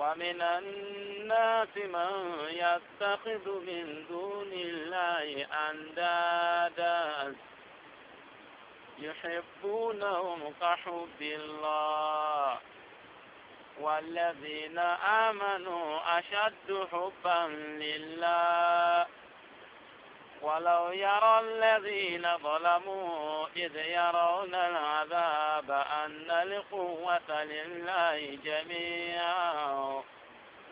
ومن الناس من يتخذ من دون الله أندادا يحبونهم كحب الله والذين آمنوا أشد حبا لله ولو يرى الذين ظلموا إذ يرون العذاب وأن القوة لله جميعا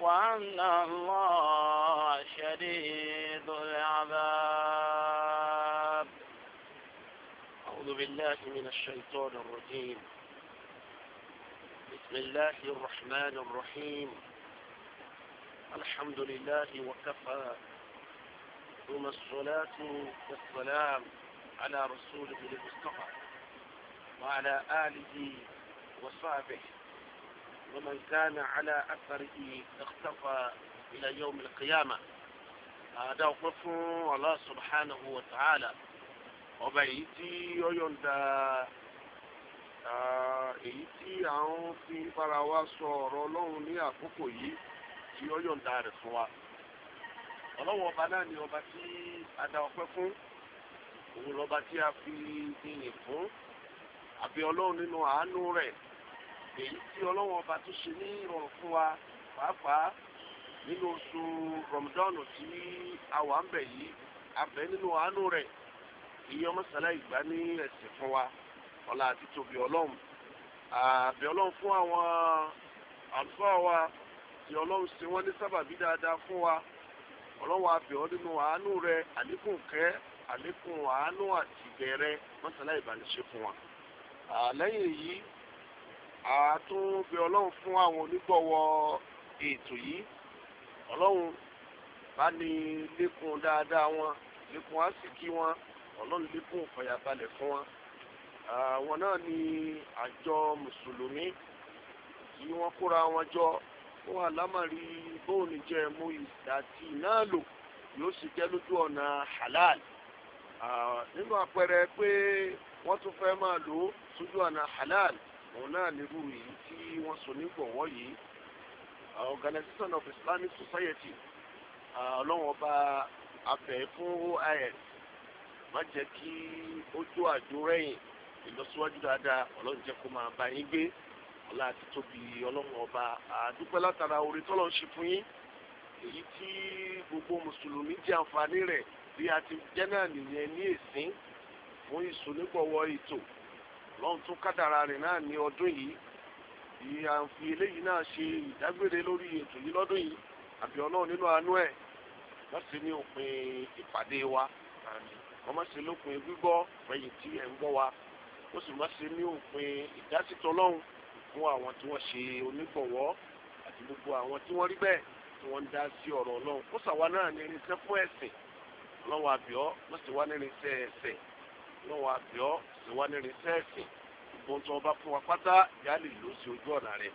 وأن الله شديد العذاب أعوذ بالله من الشيطان الرجيم بسم الله الرحمن الرحيم الحمد لله وكفى ثم الصلاة والسلام على رسوله المصطفى وعلى آله وصحبه ومن كان على أثره اختفى إلى يوم القيامة هذا وقف الله سبحانه وتعالى وبيتي ويندى èyí tí à ń fi fara wa sọ ọ̀rọ̀ ọlọ́run ní àkókò yìí tí ó yọ̀ǹda rẹ̀ fún wa. ọlọ́run ọba náà ni ọba tí a dá ọpẹ́ fún òun lọ́ba tí a fi ìyìn fún àbí ọlọ́run nínú àánú rẹ̀ èyí tí ọlọ́run ọba tó ṣe ní ìrọ̀rùn fún wa pàápàá nínú oṣù rọmọdọ́nù tí a wà ń bẹ̀ yìí abẹ nínú àánú rẹ̀ iye ọmọsàlá ìgbà ní ẹ̀sìn fún wa ọlá àti tóbi ọlọ́run àbẹ ọlọ́run fún àwọn àlùfáà wa tí ọlọ́run ṣe wọ́n ní sábàbí dáadáa fún wa ọlọ́run abẹ ọ nínú àánú rẹ̀ àlékún kẹ́ àlékún àánú àti ìbẹ̀rẹ̀ mọ́sàlá ìbànúṣe fún wa lẹ́yìn èyí a tún bẹ ọlọ́run fún àwọn onígbọ̀wọ́ ètò yìí ọlọ́run bá ní lékun dáadáa wọn lékun àsìkí wọn ọlọ́run lékun ìfọ̀yàbalẹ̀ fún wọn àwọn náà ni àjọ mùsùlùmí tí wọ́n kóra wọn jọ ó wà lámàrí bóun jẹ́ mú àti náà lò yóò sì jẹ́ lójú ọ̀nà halal nínú àpẹẹrẹ pé wọ́n tún fẹ́ máa lò ó sójú ọ̀nà halal òun náà nírú yìí tí wọ́n so nígbọ̀wọ́ yìí Organization of Islamic Society ọlọ́wọ́n bá abẹ fún ois má jẹ́ kí ojú àjò rẹ̀yìn ìlọsíwájú dáadáa ọlọ́run jẹ́ kó máa bá yín gbé ọlá àti tóbi ọlọ́run ọba àdúpẹ́ látara orí tọ́lọ̀ ń ṣe fún yín èyí tí gbogbo mùsùlùmí jẹ́ àǹfààní rẹ̀ bí a ti jẹ́ náà nìyẹn ní èsín fún ìsúnlẹ̀gbọ̀wọ́ ètò lọ́n tún kádàrà rẹ̀ náà ní ọdún yìí ìyá fi eléyìí náà ṣe ìdágbére lórí ètò yìí lọ́dún yìí àbí ọlọ́run nínú àánú ẹ̀ láti ní òpin ìpàdé wa wọ́n má ṣe lópin gbígbọ́ lẹ́yìn tí ẹ̀ ń gbọ́ wa ó sì má ṣe ní òpin ìdásítọ́ lọ́hùn fún àwọn tí wọ́n ṣe onígbọ̀wọ́ àti gbogbo àwọn tí wọ́n rí bẹ́ẹ̀ tí wọ́n ń dá sí ọ̀rọ̀ ọlọ́run ó sàwa náà ní fún ẹ̀sìn ọlọ́run àbíọ́ lọ́sẹ̀ wá ní ẹ̀sìn lọ́wọ́ àbíọ́ ìwánirìn sẹ́ẹ̀sì ohun tí wọ́n bá fún wa pátá ìyá lè lò sí ojú ọ̀nà rẹ̀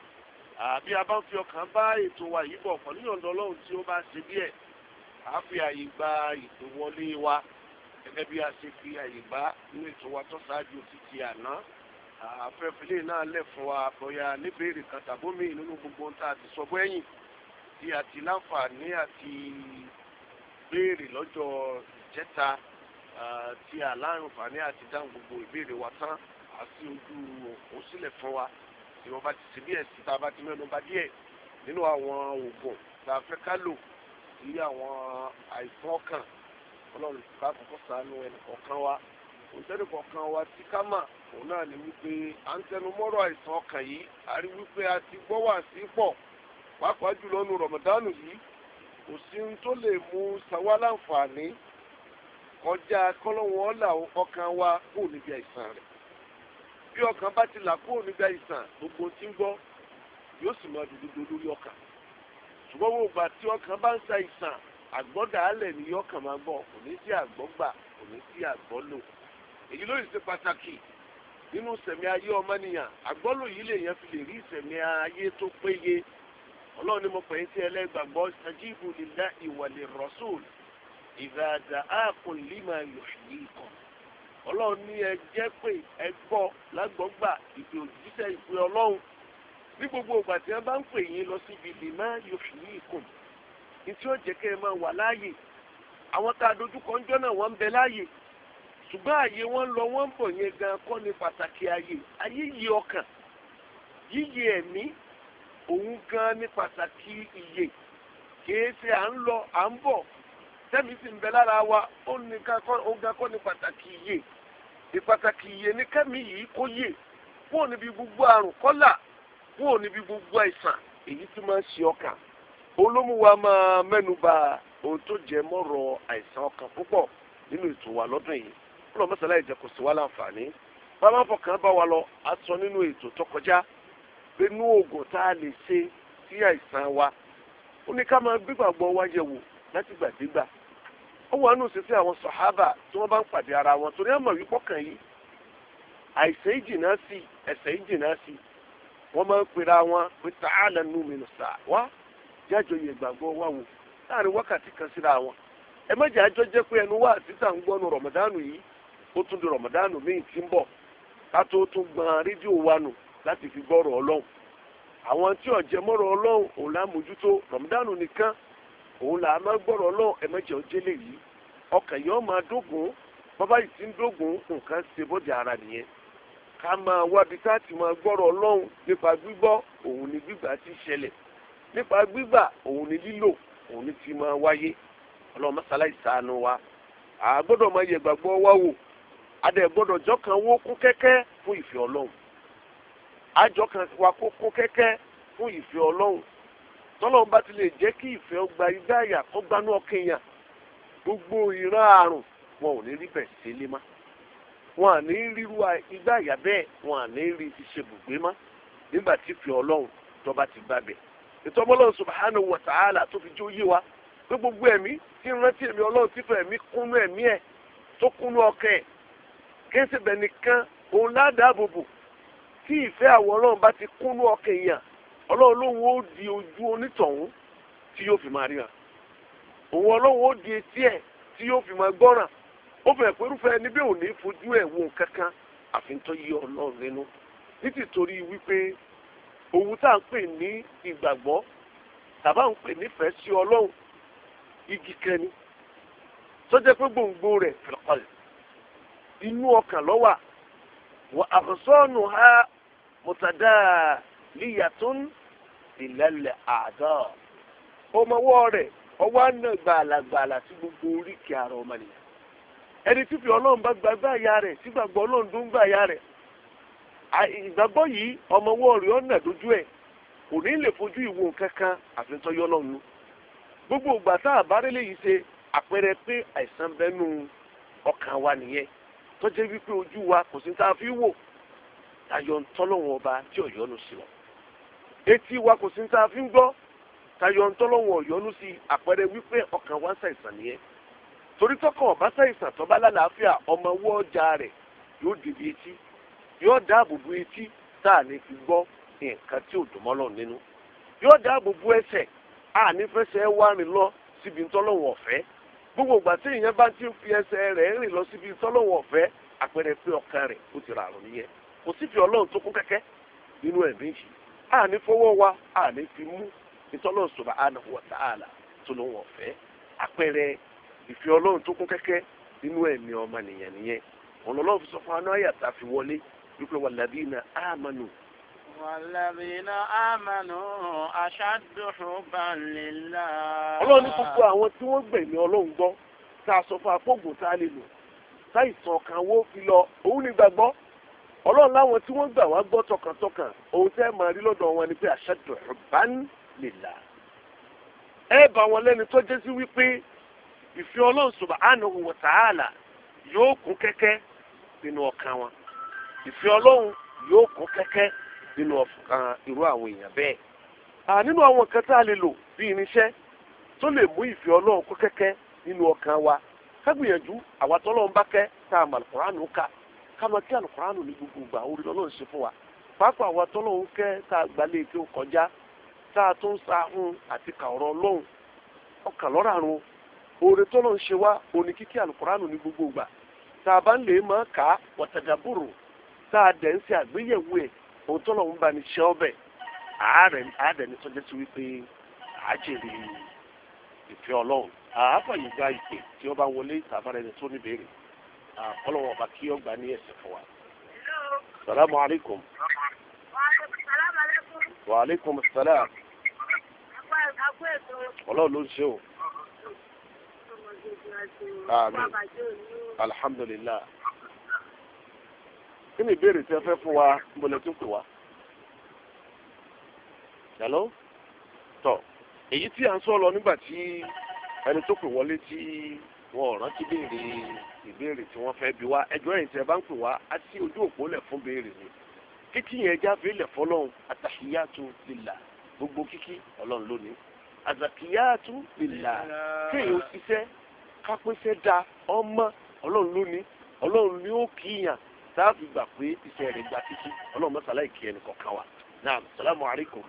àbí a bá ń fi ọkàn bá ètò wa yìí bọ̀ pẹ̀lú ìyọ̀ǹda ọlọ́run tí ó bá ṣe díẹ̀ a fi àyè gba ètò wọlé wa gẹ́gẹ́ bí a ṣe fi àyè gbá nínú ètò wa tó ṣáájú títí àná àfẹ́fẹ́lẹ́ náà lẹ̀ fún wa bóyá níbèrè kan tàbómi nínú gbogbo ohun tá a ti sọ gbẹ́yìn tí a ti láǹfààní àti béèrè lọ́jọ́ ìjẹta tí aláǹfààní àti dáhùn gbogbo ìbéèrè wa tán àti ojú òkú sílẹ̀ fún wa tí wọ́n bá ti ṣe díẹ̀ sí tá a bá ti mẹ́nu bà díẹ̀ nínú àwọn oògùn tá a fẹ́ ká lò sí àwọn àìsàn ọkàn ọlọ́run ká kọ́kọ́ ṣàánú ẹnì kọ̀ọ̀kan wa òǹtẹ́nì kọ̀ọ̀kan wa tí ká mà òun náà ni wípé à ń tẹnu mọ́rọ̀ àìsàn ọkàn yìí a rí wípé a ti gbọ́ wà sí pọ̀ pàápàá jùlọ nu rọ̀mọ̀dánù yìí kò sí ohun tó lè mú ṣàwa láǹfààní kọjá kọ́lọ́wọ́n ọ̀là ọkàn wa kú níbi àìsàn rẹ̀ bí ọkàn bá ti là kó níbi àìsàn gbogbo tí ń gbọ́ yóò sì máa dòdòdò lórí ọkàn ṣùgbọ́n wo gbà tí ọkàn bá ń sa ìsàn àgbọ́dà alẹ̀ ni ọkàn máa gbọ́ kò ní sí àgbọ́gbà kò ní sí àgbọ́lò èyí ṣe pàtàkì nínú sẹ̀mí ayé ọmọnìyàn àgbọ́lò yìí lè yẹn fi lè rí sẹ̀mí ayé ni mo pè é sí ẹlẹ́gbàgbọ́ ìdájà ààkùn lima yòòyì kan ọlọ́run ní ẹ jẹ́ pé ẹ gbọ́ lágbọ́gbà ìpè òjíṣẹ́ ìpè ọlọ́run ní gbogbo ìgbà tí wọ́n bá ń pè yín lọ síbi lima yòòyì kan ní tí ó jẹ́ kẹ́ ẹ máa wà láàyè àwọn tá a dojúkọ ń jọ́ náà wọ́n ń bẹ láàyè ṣùgbọ́n àyè wọn lọ wọ́n ń bọ̀ yẹn gan kọ́ ni pàtàkì àyè ayé yí ọkàn yíyẹ ẹ̀mí òun gan ni pàtàkì ìyè kìí ṣe à ń lọ à ń bọ̀ tẹ́mi sì ń bẹ lára wa ó nìkan kọ́ ó ga kọ́ ní pàtàkì iye ìpàtàkì iye ní kẹ́mi yìí kó yè kúrò níbi gbogbo àrùn kọ́là kúrò níbi gbogbo àìsàn èyí tí máa ń ṣe ọkàn olómùwà máa mẹ́nuba ohun tó jẹ mọ́rọ̀ àìsàn ọkàn púpọ̀ nínú ètò wa lọ́dún yìí kúrò mọ́sálá ìjẹ́kù sí wa láǹfààní bàbá fọkàn bá wa lọ a sọ nínú ètò tó kọjá pé oògùn tá a lè ṣe sí àìsàn wa ó ní ká máa gbígbàgbọ́ wa yẹ̀wò láti gbàdégbà ó wà nù sísẹ àwọn sọhábà tí wọn bá ń pàdé ara wọn torí àmọ́ wípọ kàn yìí àìsàn ìjìnà sí ẹ̀ṣẹ̀ ìjìnà sí wọn máa ń pera wọn pé tààlà nù mí nù sà wá jájọ yẹ gbàgbọ́ wà wò láàrin wákàtí kan síra wọn ẹ má jẹ àjọ jẹ pé ẹnu wà sísà ń gbọnu rọmọdánù yìí ó tún di rọmọdánù míì tí ń bọ̀ ká tó tún gbọn rédíò wa nù láti fi gbọ́rọ̀ Ọlọ́run àwọn tí ọjẹ mọrọ Ọlọ́run ò lámójútó rọmọdánù nìkan òun là á máa gbọ́rọ̀ lọ ẹ̀mẹ́jọ jẹ́lẹ̀ yìí ọkàn yìí ó máa dógùn bàbá yìí ti ń dógùn nǹkan ṣe bọ́jà ara nìyẹn ká máa wábi tá a ti máa gbọ́rọ̀ ọlọ́run nípa gbígbọ́ òun ni gbígbà ti ṣẹlẹ̀ nípa gbígbà òun ni lílò òun ni ti máa wáyé ọlọ́run mọ́sálá ìsànù wa à gbọ́dọ̀ máa yẹ gbàgbọ́ wa wò adẹ̀ gbọ́dọ̀ jọ́kan wó kún kẹ́kẹ́ fún ìfẹ́ ọlọ́run àjọkàn wa kó kún kẹ́kẹ́ fún ìfẹ́ ọlọ́run tọ́lọ́run bá ti lè jẹ́ kí ìfẹ́ ọgbà igbá àyà kó gbanú ọkàn yàn gbogbo ìran àrùn wọn ò ní rí bẹ̀ sílé má wọn à ní ríru igbá àyà bẹ́ẹ̀ wọn à ní rí ìṣèbùgbé má nígbà tí fi ọlọ́run tọ́ba ti bá bẹ̀ ìtọ́mọ́lọ́run subhanahu wa ta'ala tó fi jó yé wa pé gbogbo ẹ̀mí tí ń rántí ẹ̀mí ọlọ́run tí fẹ́ ẹ̀mí kúnú ẹ̀mí ẹ̀ tó kúnú ọkàn ẹ̀ kéésì bẹ̀ nìkan òun ládàá bòbò tí ìfẹ́ àwọn bá ti kúnú ọkàn èèyàn ọlọ́run lóun ó di ojú onítọ̀hún tí yóò fi máa ríran òun ọlọ́run ó di etí ẹ̀ tí yóò fi máa gbọ́ràn ó fẹ́ pẹ́rúfẹ́ ẹni bí òun ní fojú ẹ̀ wo nǹkan kan àfi tó yí ọlọ́run nínú nítìtorí wípé òun tá à ń pè ní ìgbàgbọ́ tàbá ń pè nífẹ̀ẹ́ sí ọlọ́run igi kan ni pé gbòǹgbò rẹ̀ fìlọ́kọ̀lẹ̀ inú ọkàn lọ́wà wà ha mọ̀tàdáà. Liyatun ìlẹ́lẹ̀ àdá ọmọ ọwọ́ rẹ̀ ọwọ́ àna gbàlàgbàlà sí gbogbo oríkèé ara ọmọnìyàn ẹni tí fi ọlọ́run bá gbàgbà ya rẹ̀ tí gbàgbọ́ ọlọ́run tó ń gbà ya rẹ̀ ìgbàgbọ́ yìí ọmọ ọwọ́ rẹ̀ ọ̀nà dojú ẹ̀ kò ní lè fojú ìwo kankan àfi tó yọ lọ́nu gbogbo ìgbà tá àbárẹ́lẹ̀ yìí ṣe àpẹẹrẹ pé àìsàn bẹnu ọkàn wa nìyẹn tó jẹ́ wípé ojú wa kò sí tá fi wò tayọ̀ ń ọba tí ọ̀yọ́nu sí wọn etí wa kò sí ní sáà fi ń gbọ́ tayọ ntọ́lọ́wọ̀n yọnu sí àpẹẹrẹ wípé ọkàn wa ń ṣàìsàn nìyẹn torí tọkàn ọba ṣàìsàn tọba lálàáfíà ọmọ ọwọ́ ọjà rẹ̀ yóò dèbí etí yóò dáàbò bo etí tá à ní fi gbọ́ nǹkan tí ò dùnmọ́ lọ nínú yóò dáàbò bo ẹsẹ̀ à ní fẹsẹ̀ wá rìn lọ síbi ntọ́lọ́wọ̀n ọ̀fẹ́ gbogbo ìgbà tí èèyàn bá ti fi ẹsẹ̀ rẹ̀ rìn lọ síbi ntọ́lọ́wọ̀n ọ̀fẹ́ àpẹẹrẹ pé ọkàn rẹ̀ ó ti rààrùn nìyẹn kò sífì ọlọ́run tó kún kẹ́kẹ́ nínú ẹ̀mí yìí a ní fọwọ́ wa a ní fi mú ìtọ́lọ́ subhanahu wa ta'ala tó ló wọ̀n fẹ́ àpẹẹrẹ ìfẹ́ ọlọ́run tó kún kẹ́kẹ́ nínú ẹ̀mí ọmọ nìyẹn nìyẹn ọ̀nà ọlọ́run fi sọ fún aná àyà tá a wọlé wípé walladhina amanu. walladhina amanu ashaddu hubban lillah. ọlọ́run ní gbogbo àwọn tí wọ́n gbẹ̀mí ọlọ́run gbọ́ tá a sọ fún apóògùn tá a lè lò táìsàn kan wó fi lọ òun ní gbàgbọ́ ọlọ́run láwọn tí wọ́n gbà wá gbọ́ tọkàntọkàn ohun tẹ́ máa rí lọ́dọ̀ wọn ni pé ashaddu hubban lillah ẹ bá wọn lẹ́ni tó jẹ́ sí wípé ìfẹ́ ọlọ́run subhanahu wa ta'ala yóò kún kẹ́kẹ́ nínú ọkàn wọn ìfẹ́ ọlọ́run yóò kún kẹ́kẹ́ nínú ọkàn irú àwọn èèyàn bẹ́ẹ̀. à nínú àwọn nǹkan tá a lè lò bí irinṣẹ́ tó lè mú ìfẹ́ ọlọ́run kún kẹ́kẹ́ nínú ọkàn wa ká gbìyànjú ká lọ tí alukóránù ní gbogbo gbà orí lọ́nà ṣe fún wa pàápàá wa tọ́lọ́hún kẹ́ tá a gbalẹ̀ kí ó kọjá tá a tún sa ahun àti kà ọ̀rọ̀ ọlọ́hun ọkà lọ́ràrun oore tọ́lọ́hún ṣe wá òní kíkí alukóránù ní gbogbo gbà tá a bá ń lè máa ka á tá a dẹ̀ ń ṣe àgbéyẹ̀wò ẹ̀ òun tọ́lọ́hún bá ní ṣe ọbẹ̀ kọ́lọ̀ wọn bá kí ọgbà ní ẹ̀sìn fún wa. salamu alaykum. wa alaykum salaam. ọlọ́run ló ń ṣe o. àmín alhamdulillah. kí ni ìbéèrè tí ẹ fẹ́ fún wa mbọ̀lẹ́ tó pè wá. tọ èyí tí à ń sọ lọ nígbà tí ẹni tó pè wọlé tí wọn ò rántí béèrè ìbéèrè tí wọ́n fẹ́ bi wá ẹjọ́ ẹ̀yìn tí ẹ bá ń pè wá á sí ojú òpó lẹ̀ fún béèrè ni kíkí yẹn já fílẹ̀ fọlọ́run àtàkìyàtú lillah gbogbo kíkí ọlọ́run lónìí àtàkìyàtú lillah kéèyàn ṣiṣẹ́ kápẹ́sẹ́ da ọmọ ọlọ́run lónìí ọlọ́run ni ó kíyàn sáàfì gbà pé iṣẹ́ rẹ̀ gba kíkí ọlọ́run mọ́sálá ìkí ẹnì kọ̀ọ̀kan wa naam salamu alaykum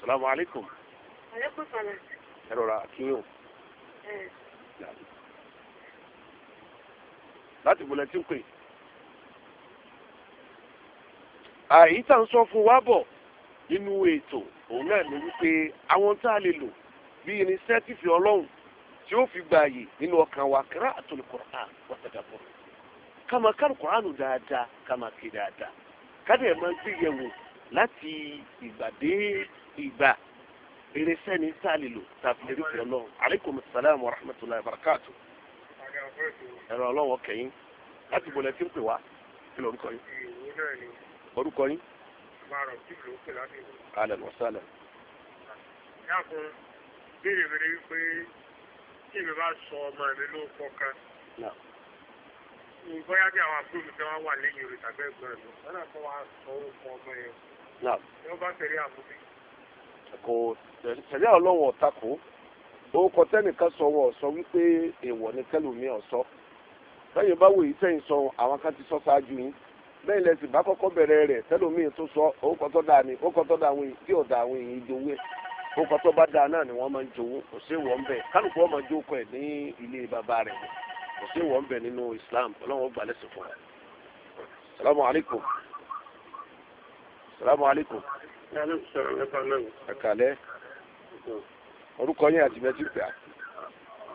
salamu alaykum. aleykum salaam. ẹ rọra kí yóò láti bọ̀lẹ̀ tí ń pè. àyíká ń sọ fún wa bọ̀ nínú ètò òun náà ni wípé àwọn tá a lè lò bí irinṣẹ́ tí fi ọlọ́run tí ó fi gba àyè nínú ọkàn wa kíra àtòlù kọ̀ọ̀án wọ́tàdàbọ̀ kàmá kárù kọ̀ọ̀ánù dáadáa kàmá ké dáadáa kádìyẹ máa ń gbé yẹ̀wò láti ìgbà dé ìgbà irinṣẹ́ ní tá a lè lò tàbí lè rí fún ọlọ́run aleykum salaam wa rahmatulah wa barakatu ẹ̀rọ ọlọ́wọ́ kẹ́yìn láti bọ̀lẹ̀ tí ń pè wá kí ló ń kọ́ yín orúkọ yín. alẹ́ lọ sálẹ̀. yàtọ̀ béèrè mi ni wípé tí mi bá sọ ọmọ mi ló kọ kan bóyá bí àwọn àbúrò mi fẹ́ wá wà lẹ́yìn rẹ̀ tàbí ẹ̀gbọ́n mi wọn náà kọ́ wa sọ ọmọ yẹn. tí wọ́n bá tẹ̀lé àbúrò mi. kò tẹ̀lé ọlọ́wọ́ o kọ tẹ́nìkan sọ wọn sọ wípé èèwọ̀ ni kẹlòmí ọ̀sọ́ lẹ́yìn bá wòye sẹ́yìn sọ àwọn kan ti sọ ṣáájú yín lẹ́yìn lẹ́sìn bá kọ́kọ́ bẹ̀rẹ̀ rẹ̀ kẹlòmí tó sọ o tó da ni àwọn ìdòwú ẹ̀ bá náà ni wọ́n máa ń jowó kò sí kálukú salamu alaykum ẹ̀kálẹ́ orúkọ yín àti mẹ́tí pẹ́ à.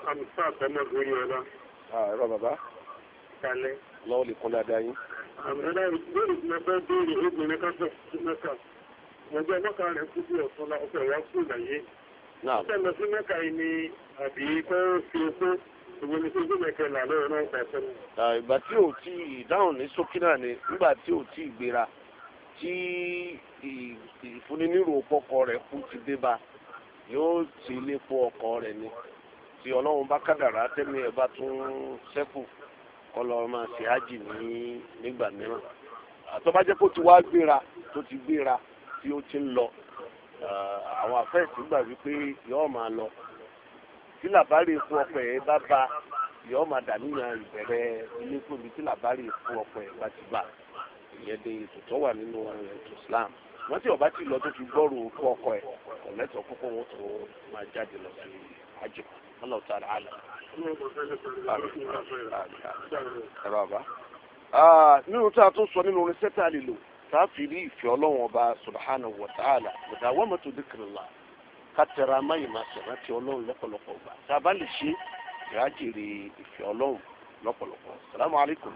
àmùsá àtẹnàgbò yín ọlá. ẹ̀rọ bàbá. ẹ̀kálẹ́. lọ́wọ́ lè kún dáadáa yín. àmọ́lá ìbéèrè tí mo fẹ́ béèrè obìnrin kan fẹ́ sí mẹ́ta mo jẹ́ mọ́ka rẹ̀ kú bí ọ̀tún la ọ̀fẹ́ wá sí ìlàyé. náà ṣe lọ sí mẹ́ka yìí ni àbí kọ́ fi okó ìwé ni sójú mẹ́kẹ́ là lọ́wọ́ náà pàṣẹ. ìgbà tí ò tí ì dáhùn ní sókí náà ni nígbà tí ò tí ì gbéra tí ìfúninírò pọkọ rẹ̀ kú ti dé ba yóò ti lépo ọkọ rẹ̀ ni tí ọlọ́run bá kádàrá tẹ́mi ẹ̀ bá tún sẹ́kù ọlọ́run máa ṣe ájì ní nígbà mìíràn àtọ́bájẹ́ kó ti wá gbéra tó ti gbéra tí ó ti ń lọ àwọn àfẹ́ẹ̀sì gbà wípé yọ́ọ́ máa lọ tí làbárí ikú ọpẹ ẹ bá ba yọ́ọ́ máa dà níyàn ìbẹ̀rẹ̀ ilé fún mi tí làbárí ikú ọpẹ ẹ bá ti bá a ìyẹn de ètò tó wà nínú eh, ètò Islam wọn tí ọba ti lọ tó fi gbọrù kọ ọkọ ẹ ọlẹtọ púpọ̀ wọn tó máa jáde lọ sí àjò wọn lọ tààrà àlà. nínú tí a tún sọ nínú orin sẹ́tà lílo tá a fi rí ìfẹ́ ọlọ́wọ́n ọba subhanahu wa ta'ala bùdá wọ́n mọ̀tò dhikrillah ká tẹra máyì máa sọ̀rọ̀ ọlọ́run lọ́pọ̀lọpọ̀ gbà tá a bá lè ṣe ìrájèrè ìfẹ́ ọlọ́run lọ́pọ̀lọpọ̀ salamu alaykum.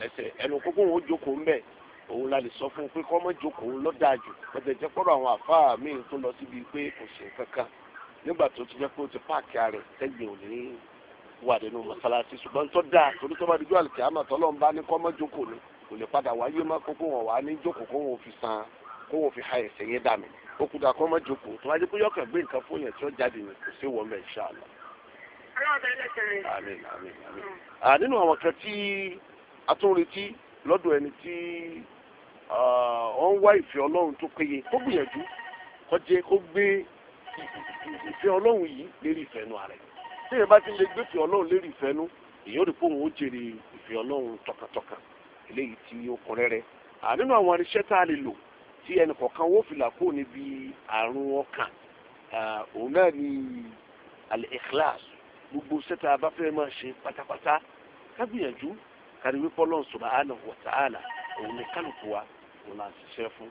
lẹ́sẹ̀ ẹnu kókó òun ó jókòó ń bẹ̀ òun la lè sọ fún un pé kọ́ mọ́ jókòó lọ́dà jù ọ̀dẹ̀ jẹ́ pọ́nrọ̀ àwọn àfáà míì tó lọ síbi pé kò sí kankan nígbà tó ti jẹ́ pé ó ti páàkì rẹ̀ tẹ́gbẹ̀ ò ní wà nínú mọ́sálásí ṣùgbọ́n tó dáa torí tó bá di jọ́ àlùkìyámà tọ́lọ́ ń bá ní kọ́ mọ́ jókòó ni kò lè padà wáyé má kókó wọn wá ní jókòó kó wọn fi san kó wọn fi ha ẹ̀sẹ̀ yẹn dà mí òkúta kọ́ mọ́ jókòó tó wájú pé yọkàn gbé nǹkan fún yẹn tí ó jáde yẹn kò sí wọ́n mẹ́ insha Allah. Àmín àmín àmín. nínú àwọn kan tí a tún retí lọ́dọ̀ ẹni tí wọ́n ń wá ìfẹ́ ọlọ́run tó péye kó gbìyànjú kó jẹ́ kó gbé ìfẹ́ ọlọ́run yìí lérí ìfẹ́ nu ààrẹ tí èèyàn bá ti lè gbé ìfẹ́ ọlọ́run lérí ìfẹ́ nu èèyàn rí fóun ó jèrè ìfẹ́ ọlọ́run tọkàntọkàn eléyìí tí ó kún rẹ́rẹ́ nínú àwọn irinṣẹ́ tá a lè lò tí ẹnì kọ̀ọ̀kan wó fìlà kó níbi àrùn ọkàn òun náà ni al-ikhlas gbogbo sẹ́ta bá fẹ́ máa ṣe pátápátá ká kárí wípé Ọlọ́run subhanahu wa ta'ala òun ni kálukú wa òun là ń ṣiṣẹ́ fún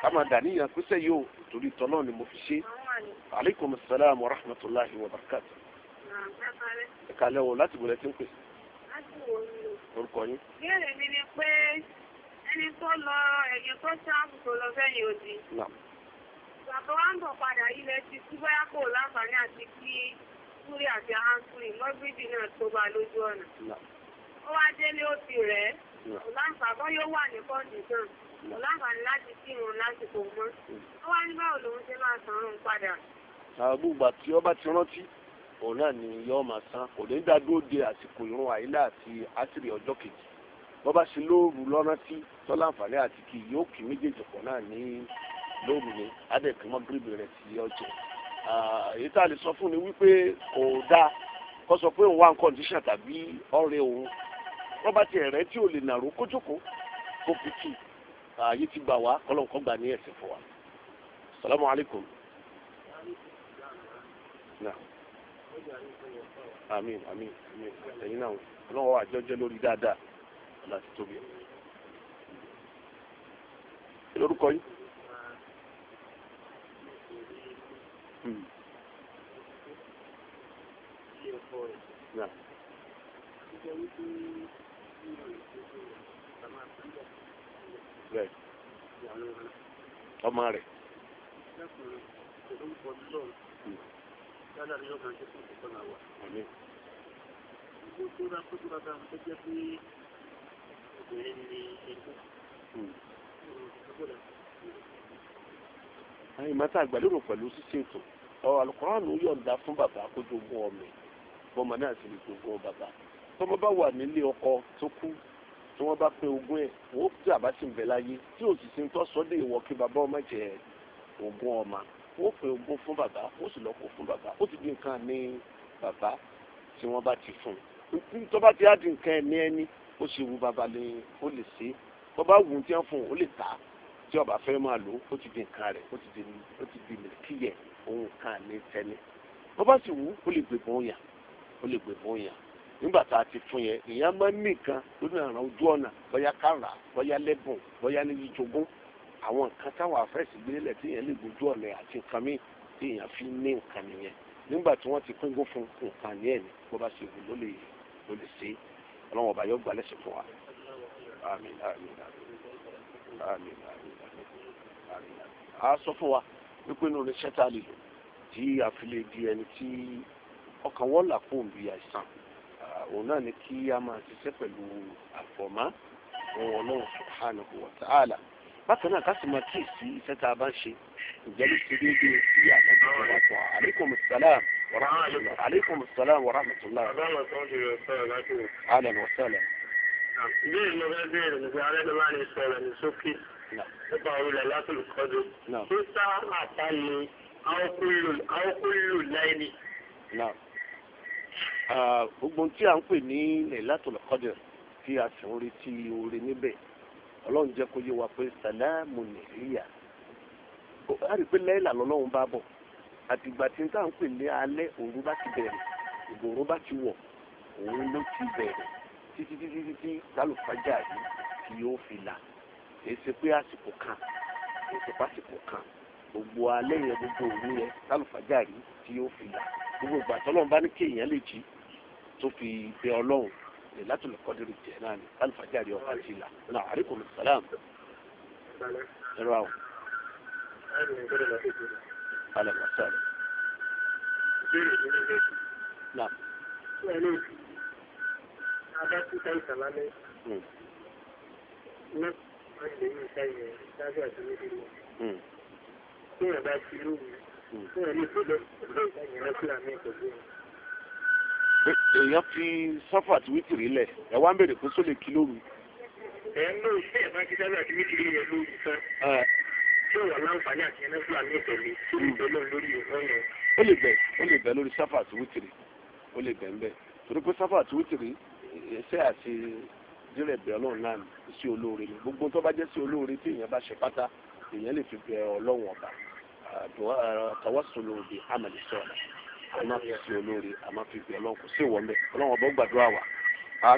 káma dàníyàn pèsè yóò torí tọ́lọ́ ni mo fi ṣe aleykum salaam wa rahmatulahi wa barakatu. ẹ̀ka lẹ́wọ̀ láti bọ̀lẹ̀ tí ń pè. orúkọ yín. ìbéèrè mi ni pé ẹni tó lọ ẹ̀yìn tó ṣáàbù tó lọ fẹ́yìn òdì. bàbá wa ń bọ̀ padà ilẹ̀ ti tí bóyá kò láǹfààní àti kí kúrì àti áńkúrì lọ́gbìdì náà tó bá lójú ọ̀nà ó wá délé ó ti rẹ̀ ẹ́ ọ̀làǹfààbọ̀ yóò wà ní kọ́ndíṣàn ọ̀làǹfààní láti kí irun lásìkò mọ́ ó wá ní báwo lòun ṣe máa san òun padà. àgbùgbà tí ọba ti rántí òun náà ni yóò máa san kò ní dá dúró de àsìkò irun àyílà àti àṣírí ọjọ́ kejì bọ́bá ṣe lóòrù lọ́nà tí tọ́láǹfààní àti kì yóò kí méjèèjì pọ̀ náà ní lóòrù ni adẹ̀kùnmọ́ gírígbì rẹ̀ sí ọjọ́ èyí tá a lè sọ fún ni wípé kò dáa kó sọ pé òun wá ń kọ́ndíṣàn tàbí ọ̀rẹ́ òun wọ́n bá ti ẹ̀rẹ́ tí ò lè nàró kójókòó kó fi tù ààyè ti gbà wá kọ́lọ́nkọ́ gbà ní ẹ̀sìn fún wa. salamu alaykum. na àmín àmín àmín náà ọlọ́wọ́ àjọjẹ́ lórí dáadáa ọ̀la ti tóbi. lórúkọ yìí. Yeah. Hmm bẹ́ẹ̀ ọmọ rẹ̀. Àmín ìbò tó bá kó tó bá bá tó jẹ́ pé obìnrin ni ẹ̀kọ́. Àyìn yọ̀ǹda fún bàbá kó jogún ọmọ ẹ̀. Bọ́mọ náà sì lè jogún bàbá tọ́mọ bá wà nílé ọkọ tó kú tí wọ́n bá pé ogún ẹ̀ wọ́n tí àbá ti ń bẹ láyé tí ò sì ti ń tọ́ sọ́dẹ̀ ìwọ kí bàbá ọmọ jẹ ogún ọmọ wọ́n pé ogún fún bàbá ó sì lọ́kọ̀ fún bàbá ó ti di nǹkan ní bàbá tí wọ́n bá ti fún un tó bá ti á di nǹkan ẹni ẹni ó sì wù bàbá ni ó lè ṣe tó bá wù ú tí wọ́n fún un ó lè tà tí ọba fẹ́ máa lò ó ti di nǹkan rẹ̀ ó ti di ó ti di kan ní tẹ́lẹ̀ bó bá sì wù ó lè gbẹ̀bọ̀n yà ó lè gbẹ̀bọ̀n yà nígbà tá a ti fún yẹn ìyẹn máa ń nìkan lórí àrùn ojú ọ̀nà bóyá kára bóyá lẹ́bùn bóyá ní jíjogún àwọn nǹkan táwọn afẹ́sì gbélé tí yẹn lè gbójú ọ̀nà àti nǹkan míì tí èèyàn fi ní nǹkan nìyẹn nígbà tí wọ́n ti pínkún fún nǹkan ní ẹ̀ ní bó bá ṣe wù ló lè ló lè ṣe ọlọ́wọ́n ọba yóò gbà lẹ́sẹ̀ fún wa. a sọ fún wa wípé inú oníṣẹ́ tá a lè lò tí a fi lè di ẹni tí ọkàn wọn là kó òun náà ni kí a máa ṣiṣẹ́ pẹ̀lú àfọ̀mọ́ ohun ọlọ́run subhanahu wa ta'ala bákan náà kásìmọ tíì sí iṣẹ́ tá a bá ń ṣe ìjẹ́ ló ṣe déédéé sí àdájọ́ ìjọba tó a aleykum salaam wa rahmatulah aleykum salaam wa rahmatulah. àbámu kan ti yọ sọ̀rọ̀ láti wò. alẹ́ alẹ́ ló máa ń sọ̀rọ̀ ní sókè nípa orílẹ̀ látòlù kọ́dọ̀. sísá àtàlẹ́ àwòkúlù láìní gbogbo tí a ń pè ní Lailatul Qadr tí a sì ń retí oore níbẹ̀ ọlọ́run jẹ́ kó yé wa pé sàlámù nìyíyà a rí i pé lẹ́yìnlá lọ́lọ́run bá bọ̀ àtìgbà tí n tá à ń pè ní alẹ́ òru bá ti bẹ̀rẹ̀ ìgbòho bá ti wọ̀ òun ló ti bẹ̀rẹ̀ títí títí títí lálùfájà yìí tí yóò fi là èyí ṣe pé àsìkò kan èyí ṣe pásìkò kan gbogbo alẹ́ yẹn gbogbo òru yẹn lálùfájà yìí tí yóò fi là gbogbo ìgbà tọ́lọ́run ní kéèyàn lè jí tó fi bẹ ọlọ́run lè látòlù kọ́dúrú jẹ náà ni alifajari ọkọ àti ìlà náà àríkùn sàlám. ẹ̀rọ àwọn. alẹ́ wà sáré. náà. adásí táyì sàlámẹ́. náà wọ́n lè yí táyì yẹn dájú àti níbi wọn. tí wọ́n bá ti lóhùn. tí wọ́n lè fi lọ sí ìdáyẹ̀rẹ́ fúlàní ìkọ̀jú yẹn èèyàn fi sáfà àti wítìrì lẹ̀ ẹ wá ń bèrè pé sólè kí lóru. ẹ ń lò sí ẹ̀fọn kí sáfà àti wítìrì yẹn lóru tán. tí ò wà láǹfààní àti ẹni fúlàní ìtẹ̀lé tó lè bẹ̀ lọ lórí ìwọ́n yẹn. ó lè bẹ̀ ó lè bẹ̀ lórí sáfà àti wítìrì ó lè bẹ̀ ń bẹ̀ torí pé sáfà àti wítìrì iṣẹ́ àti dírẹ̀ bẹ̀ ọlọ́run náà sí olóore ni gbogbo tó bá jẹ́ sí olóore tí èèyàn bá ṣe pátá èèyàn lè fi bẹ̀ ọlọ́run ọ̀bà tawassul bi amali ẹ má fi sin olóore a má fi gbé ọlọ́run kò sí ìwọ́n bẹ́ẹ̀ ọlọ́run ọba gbàdúrà wa.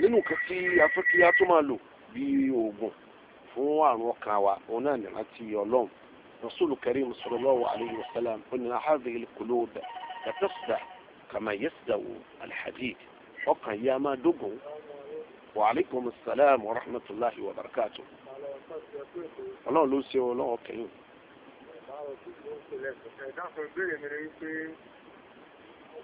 nínú nǹkan tí afẹ́kíyá tó máa lò bí oògùn fún àrùn ọkàn wa òun náà nìyẹn ti ọlọ́run rasulu karim sallallahu alayhi wa sallam oní ahadhihi alqulub yatasda kama yasda alhadid ọkàn yìí a máa wa alaykum salaam wa rahmatulahi wa barakatuh ọlọ́run ló ń ṣe ọlọ́run ọkàn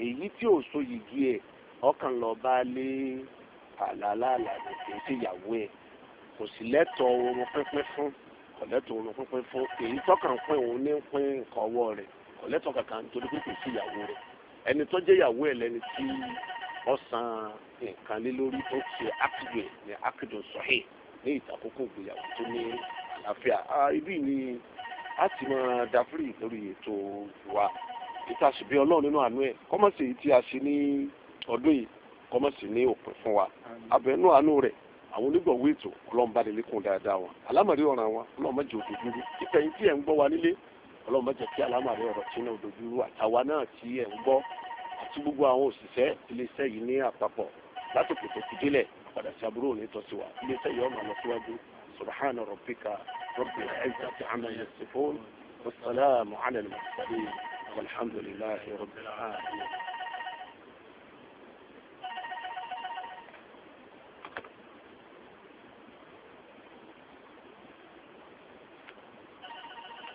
èyí tí ò so yìgì ẹ̀ ọkàn lọ bá lé àlàálàlà kò sí ìyàwó ẹ̀ kò sì lẹ́tọ̀ọ́ oorun pínpín fún kò lẹ́tọ̀ọ́ oorun pínpín fún èyí tọ́kàn pín òun ní pín nǹkan ọwọ́ rẹ̀ kò lẹ́tọ̀ọ́ kankan nítorí pé kò sí ìyàwó rẹ̀ ẹni tó jẹ́ ìyàwó ẹ̀ lẹ́ni tí ó san nǹkan lé lórí tó ṣe ákìdùn ní ákìdùn sọ̀hìn ní ìtàkókò ìgbéyàwó tó ní àlàáfíà ah, ibi ni a ti máa dafúrì lórí ètò wa ìta sì bí ọlọ́run nínú àánú ẹ̀ kọ́mọ̀sì tí a ṣe ní ọdún yìí kọ́mọ̀sì ní òpin fún wa abẹ́nú àánú rẹ̀ àwọn onígbọ̀wé ètò ọlọ́run bá délé kún dáadáa wọn alámọ̀rí ọ̀ràn wọn ọlọ́run má jẹ́ òdòdúró ìtẹ̀yìn tí ẹ̀ ń gbọ́ wa nílé ọlọ́run má jẹ́ kí alámọ̀rí ọ̀rọ̀ tí náà òdòdúró àtàwa náà tí ẹ̀ ń gbọ́ àti gbogbo àwọn òṣìṣẹ́ iléeṣẹ́ yìí ní àpapọ̀ lásìkò tó fi délẹ̀ padà sí aburú òní tọ́sí wa iléeṣẹ́ yìí ọmọ àlọ́ síwájú subhana rabbika rabbil izzati amma yasifun wasalaamu ala al-mursalin والحمد لله رب العالمين